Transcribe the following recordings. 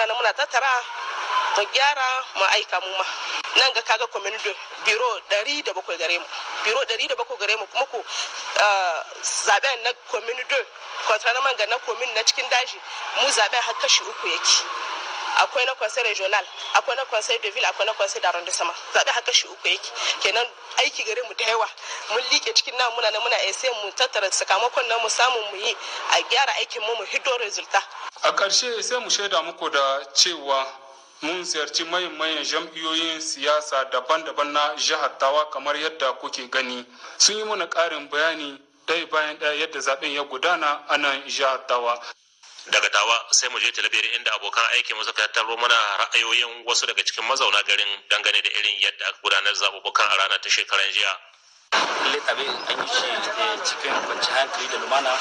muna muna tattara mu gyara mu aika mu ma nan ga kaga community biro 107 gare mu biro 107 gare mu kuma ku ah, zabe na community kwantanaman ga na komin na cikin daji mu zabe har kashi uku yake akwai na conseil regional akwai na conseil de ville akwai na conseil d'arrondissement zabe har kashi uku yake kenan aiki gare mu da yawa mun liƙe cikin nan muna na muna ese mu tattara sakamakon nan mu samu mu yi a gyara aikin mu mu hiddo resulta a ƙarshe sai mu shaida muku da cewa mun ziyarci mayan jam'iyoyin siyasa daban-daban na jihar tawa kamar yadda kuke gani sun yi mana ƙarin bayani ɗaya bayan ɗaya yadda zaɓen ya gudana a nan jihar tawa daga tawa sai mu je talabiyar inda abokan aiki mu suka tattaro mana ra'ayoyin wasu daga cikin mazauna garin dangane da irin yadda aka gudanar zaɓuɓɓukan a ranar ta shekaran jiya lallai abin an yi shi eh, cikin kwanci hankali da lumana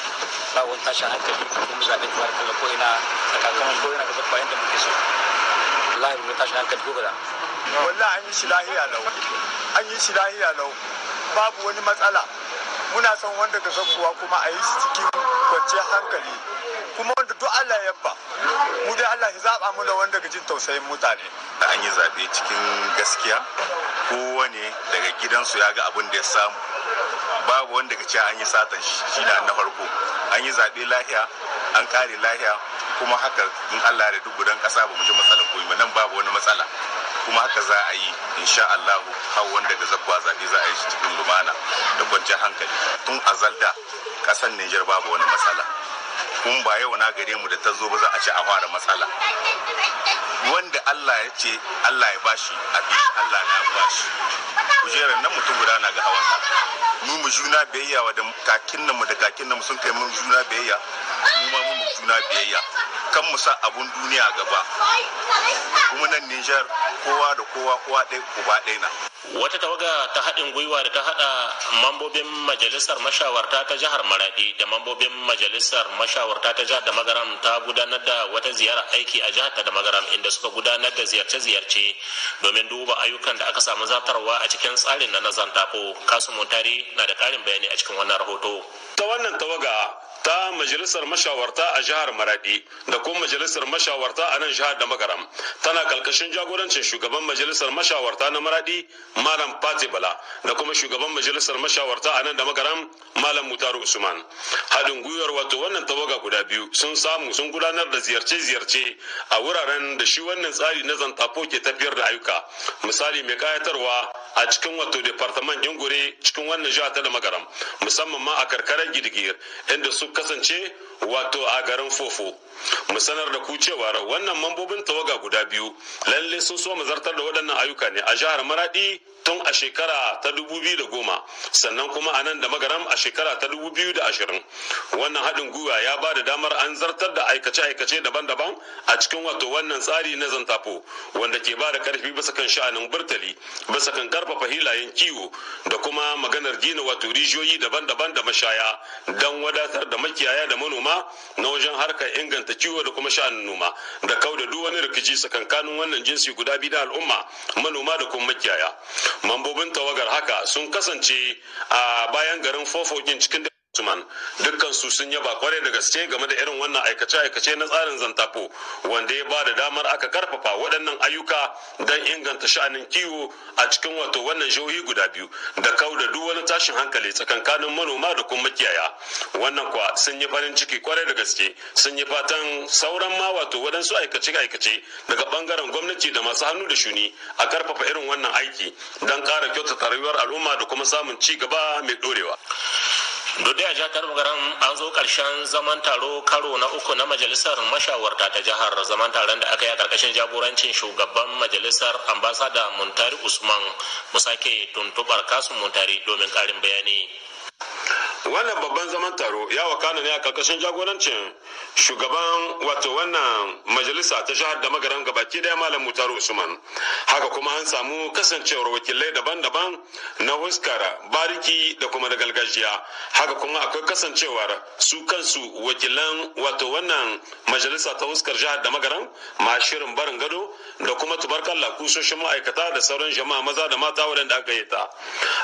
ba wani tashin hankali kuma zaɓe kuma da kalla ko'ina sakamakon ko'ina da zaɓa yadda muke so wallahi mun tashin hankali gobe da wallahi an yi shi lahiya lau an yi shi lahiya lau babu wani matsala muna son wanda ga kuwa kuma a yi shi cikin kwanciyar hankali kuma wanda duk Allah ya yabba, mu dai Allah ya zaba mu da wanda gajin tausayin mutane an yi zabe cikin gaskiya kowane daga gidansu ya ga abin da ya samu babu wanda ga an yi satan shi da na farko an yi zabe lahiya an kare lahiya kuma haka in Allah da duk gudan kasa ba mu ji matsalar koyi ba nan babu wani matsala kuma haka za a yi insha Allah hau wanda ga zakwa zaɓe za a yi cikin lumana da kwanciyar hankali tun azalda kasan Nijar babu wani matsala kuma ba yau na gare mu da ta zo ba za a ce a fara matsala wanda Allah ya ce Allah ya bashi abi Allah na bashi kujerar nan mutum guda na ga hawan mu mu juna biyayya wa da kakin nan mu da kakin nan sun kai mu juna biyayya mu ma mu juna biyayya kan mu sa abun duniya gaba kuma nan Nijar kowa da kowa kowa ɗaya ba ɗaya na wata tawaga ta haɗin gwiwa da ta haɗa mambobin majalisar mashawarta ta jihar maraɗi da mambobin majalisar mashawarta ta jihar damagaram ta gudanar da wata ziyara aiki a jihar ta damagaram inda suka gudanar da ziyarce-ziyarce domin duba ayyukan da aka samu zartarwa a cikin tsarin na nazan tafo kasu montari na da ƙarin bayani a cikin wannan rahoto ta wannan tawaga ta majalisar mashawarta a jihar maradi da kuma majalisar mashawarta a nan jihar da makaram tana kalkashin jagorancin shugaban majalisar mashawarta na maradi malam fati bala da kuma shugaban majalisar mashawarta a nan da makaram malam mutaru usman haɗin gwiwar wato wannan tawaga guda biyu sun samu sun gudanar da ziyarce-ziyarce a wuraren da shi wannan tsari na zantafo ke tafiyar da ayyuka misali mai kayatarwa a cikin wato departament ingure cikin wannan Jihar ta da makaram musamman ma a karkarar girgir inda su kasance wato a garin fofo mu sanar da ku cewa wannan mambobin tawaga guda biyu lalle sun so mu zartar da waɗannan ayyuka ne a jihar maradi tun a shekara ta dubu biyu da goma sannan kuma a nan da magaram a shekara ta dubu biyu da ashirin wannan haɗin gwiwa ya ba da damar an zartar da aikace-aikace daban-daban a cikin wato wannan tsari na zantafo wanda ke ba da karfi bisa kan sha'anin burtali bisa kan karfafa hilayen kiwo da kuma maganar gina wato rijiyoyi daban-daban da mashaya don wadatar da makiyaya da manoma na wajen harkar inganta kiwo da kuma sha'anin noma da kau da duk wani rikici tsakankanin wannan jinsi guda biyu na al'umma manoma da kuma makiyaya mambobin tawagar haka sun kasance a bayan garin fofokin cikin Usman dukkan su sun yaba kwarai da gaske game da irin wannan aikace-aikace na tsarin zantafo wanda ya ba da damar aka karfafa waɗannan ayyuka don inganta sha'anin kiwo a cikin wato wannan jihohi guda biyu da kau da duk wani tashin hankali tsakankanin manoma da kuma makiyaya wannan kuwa sun yi farin ciki kwarai da gaske sun yi fatan sauran ma wato waɗansu aikace-aikace daga ɓangaren gwamnati da masu hannu da shuni a karfafa irin wannan aiki don ƙara kyautata rayuwar al'umma da kuma samun ci gaba mai ɗorewa. duk da jihar garam an zo karshen zaman taro karo na uku na majalisar mashawarta ta jihar zaman taron da aka yi a karkashin jagorancin shugaban majalisar ambasada muntari usman musake tuntubar kasu muntari domin karin bayani wannan babban zaman taro ya wakana ne a karkashin jagorancin shugaban wato wannan majalisa ta jihar da magaran gabaki daya malam mutar usman haka kuma an samu kasancewar wakilai daban-daban na huskara bariki da kuma da galgajiya haka kuma akwai kasancewar su kansu wakilan wato wannan majalisa ta huskar jihar da magaran mashirin barin gado da kuma tubarkalla kusoshin ma'aikata da sauran jama'a maza da mata wadanda aka yi ta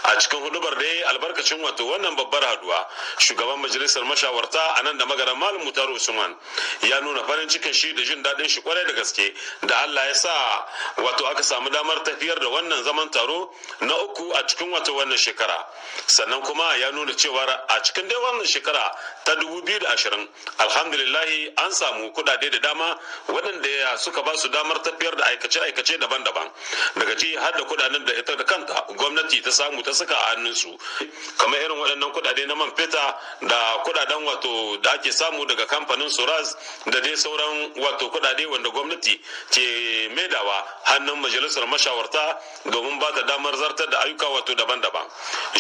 a cikin hudubar dai albarkacin wato wannan babbar haduwa shugaban majalisar mashawarta a nan da magaran malam mutaru usman ya nuna farin cikin shi da jin daɗin shi kwarai da gaske da allah ya sa wato aka samu damar tafiyar da wannan zaman taro na uku a cikin wata wannan shekara sannan kuma ya nuna cewa a cikin dai wannan shekara ta biyu da ashirin alhamdulillahi an samu kuɗaɗe da dama waɗanda suka ba su damar tafiyar da aikace-aikace daban-daban daga ciki har da kuɗaɗen da ita da kanta gwamnati ta samu ta saka a hannunsu kamar irin waɗannan kuɗaɗe na man fita da kudaden wato da ake samu daga kamfanin suraz da dai sauran wato kudade wanda gwamnati ke maidawa hannun majalisar mashawarta domin ba ta damar zartar da ayyuka wato daban-daban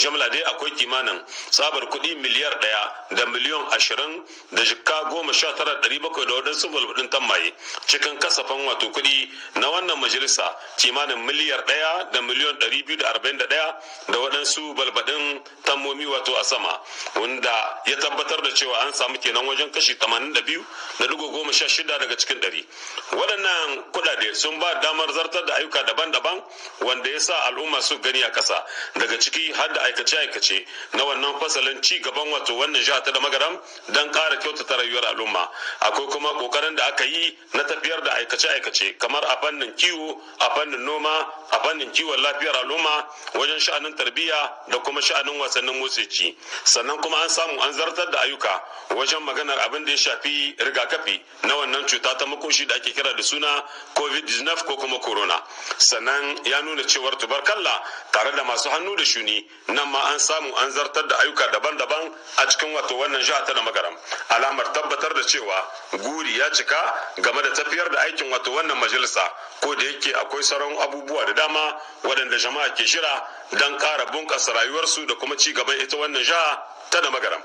jimla dai akwai kimanin sabar kudi miliyar daya da miliyon ashirin da jikka goma sha tara ɗari bakwai da wadansu bulbudin tambaye cikin kasafin wato kudi na wannan majalisa kimanin miliyar daya da miliyon ɗari biyu da arba'in da daya da waɗansu balbaɗin tammomi wato a sama wanda ya tabbatar da cewa an samu kenan wajen kashi 82 da dugo goma sha shida daga cikin ɗari waɗannan kuɗaɗe sun ba damar zartar da ayyuka daban-daban wanda ya sa al'umma su gani a ƙasa daga ciki har da aikace-aikace na wannan fasalin ci gaban wato wannan jiha ta da magaram don ƙara kyautata rayuwar al'umma akwai kuma ƙoƙarin da aka yi na tafiyar da aikace-aikace kamar a fannin kiwo a fannin noma a fannin kiwon lafiyar al'umma wajen sha'anin tarbiyya da kuma sha'anin wasannin motsi sannan kuma an samu an zartar da ayyuka wajen maganar abin da ya shafi rigakafi na cuta ta makoshi da ake kira da suna covid-19 ko kuma corona sannan ya nuna cewar tubarkalla tare da masu hannu da shuni nan ma an samu an zartar da ayyuka daban-daban a cikin wato wannan jiha ta da magaram alamar tabbatar da cewa guri ya cika game da tafiyar da aikin wato wannan majalisa ko da yake akwai sauran abubuwa da dama waɗanda jama'a ke shira don ƙara bunƙasa rayuwarsu da kuma ci gaban ita wannan jiha ta da magaram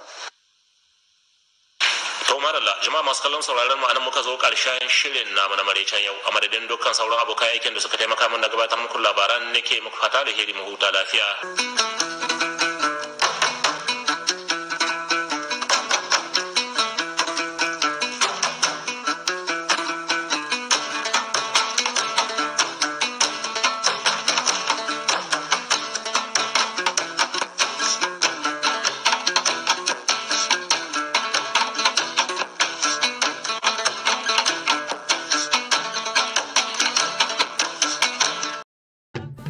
to madalla jama'a masu kallon sauraron mu anan muka zo karshen shirin namu na maraicen yau a madadin dukkan sauran abokan aikin da suka taimaka min da gabatar muku labaran nake muku fata da heri mu huta lafiya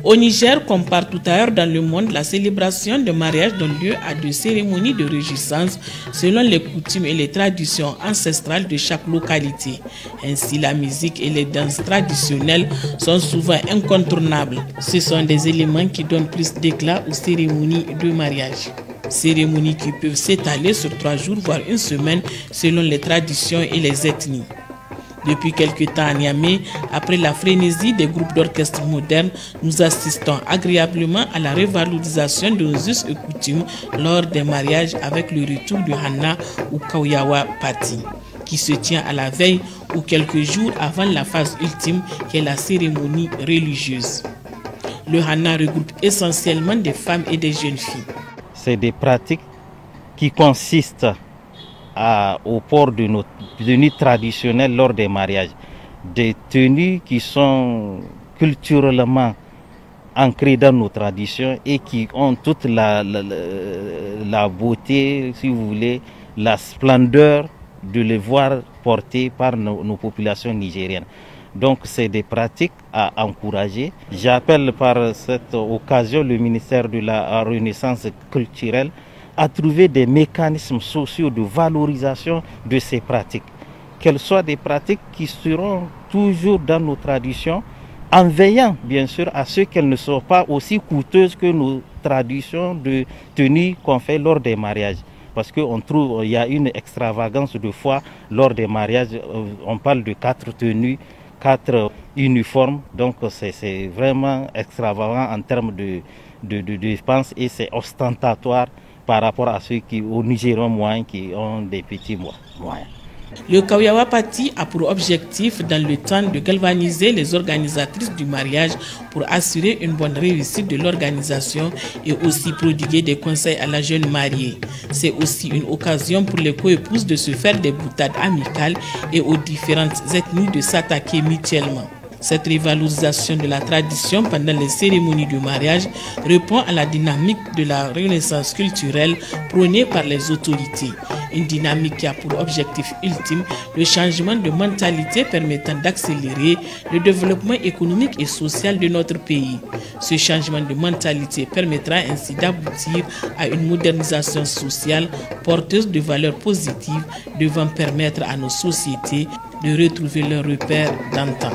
Au Niger, comme partout ailleurs dans le monde, la célébration de mariage donne lieu à des cérémonies de régissance selon les coutumes et les traditions ancestrales de chaque localité. Ainsi, la musique et les danses traditionnelles sont souvent incontournables. Ce sont des éléments qui donnent plus d'éclat aux cérémonies de mariage cérémonies qui peuvent s'étaler sur trois jours, voire une semaine, selon les traditions et les ethnies. Depuis quelques temps à Niamey, après la frénésie des groupes d'orchestre modernes, nous assistons agréablement à la revalorisation de nos us et coutumes lors des mariages avec le retour de Hanna ou Kauyawa Pati qui se tient à la veille ou quelques jours avant la phase ultime qui est la cérémonie religieuse. Le Hanna regroupe essentiellement des femmes et des jeunes filles. C'est des pratiques qui consistent au port de nos tenues traditionnelles lors des mariages. Des tenues qui sont culturellement ancrées dans nos traditions et qui ont toute la, la, beauté, si vous voulez, la splendeur de les voir portées par nos populations nigériennes. Donc c'est des pratiques à encourager. J'appelle par cette occasion le ministère de la Renaissance culturelle à trouver des mécanismes sociaux de valorisation de ces pratiques, qu'elles soient des pratiques qui seront toujours dans nos traditions, en veillant bien sûr à ce qu'elles ne soient pas aussi coûteuses que nos traditions de tenues qu'on fait lors des mariages. Parce qu'on trouve, il y a une extravagance de fois lors des mariages, euh, on parle de quatre tenues, quatre uniformes, donc c'est vraiment extravagant en termes de, de, de dépenses et c'est ostentatoire par rapport à ceux qui, qui ont des petits moyens. Le Kawiawa Party a pour objectif, dans le temps, de galvaniser les organisatrices du mariage pour assurer une bonne réussite de l'organisation et aussi prodiguer des conseils à la jeune mariée. C'est aussi une occasion pour les coépouses de se faire des boutades amicales et aux différentes ethnies de s'attaquer mutuellement. Cette rivalisation de la tradition pendant les cérémonies de mariage répond à la dynamique de la renaissance culturelle prônée par les autorités. Une dynamique qui a pour objectif ultime le changement de mentalité permettant d'accélérer le développement économique et social de notre pays. Ce changement de mentalité permettra ainsi d'aboutir à une modernisation sociale porteuse de valeurs positives devant permettre à nos sociétés de retrouver leur repère d'antan.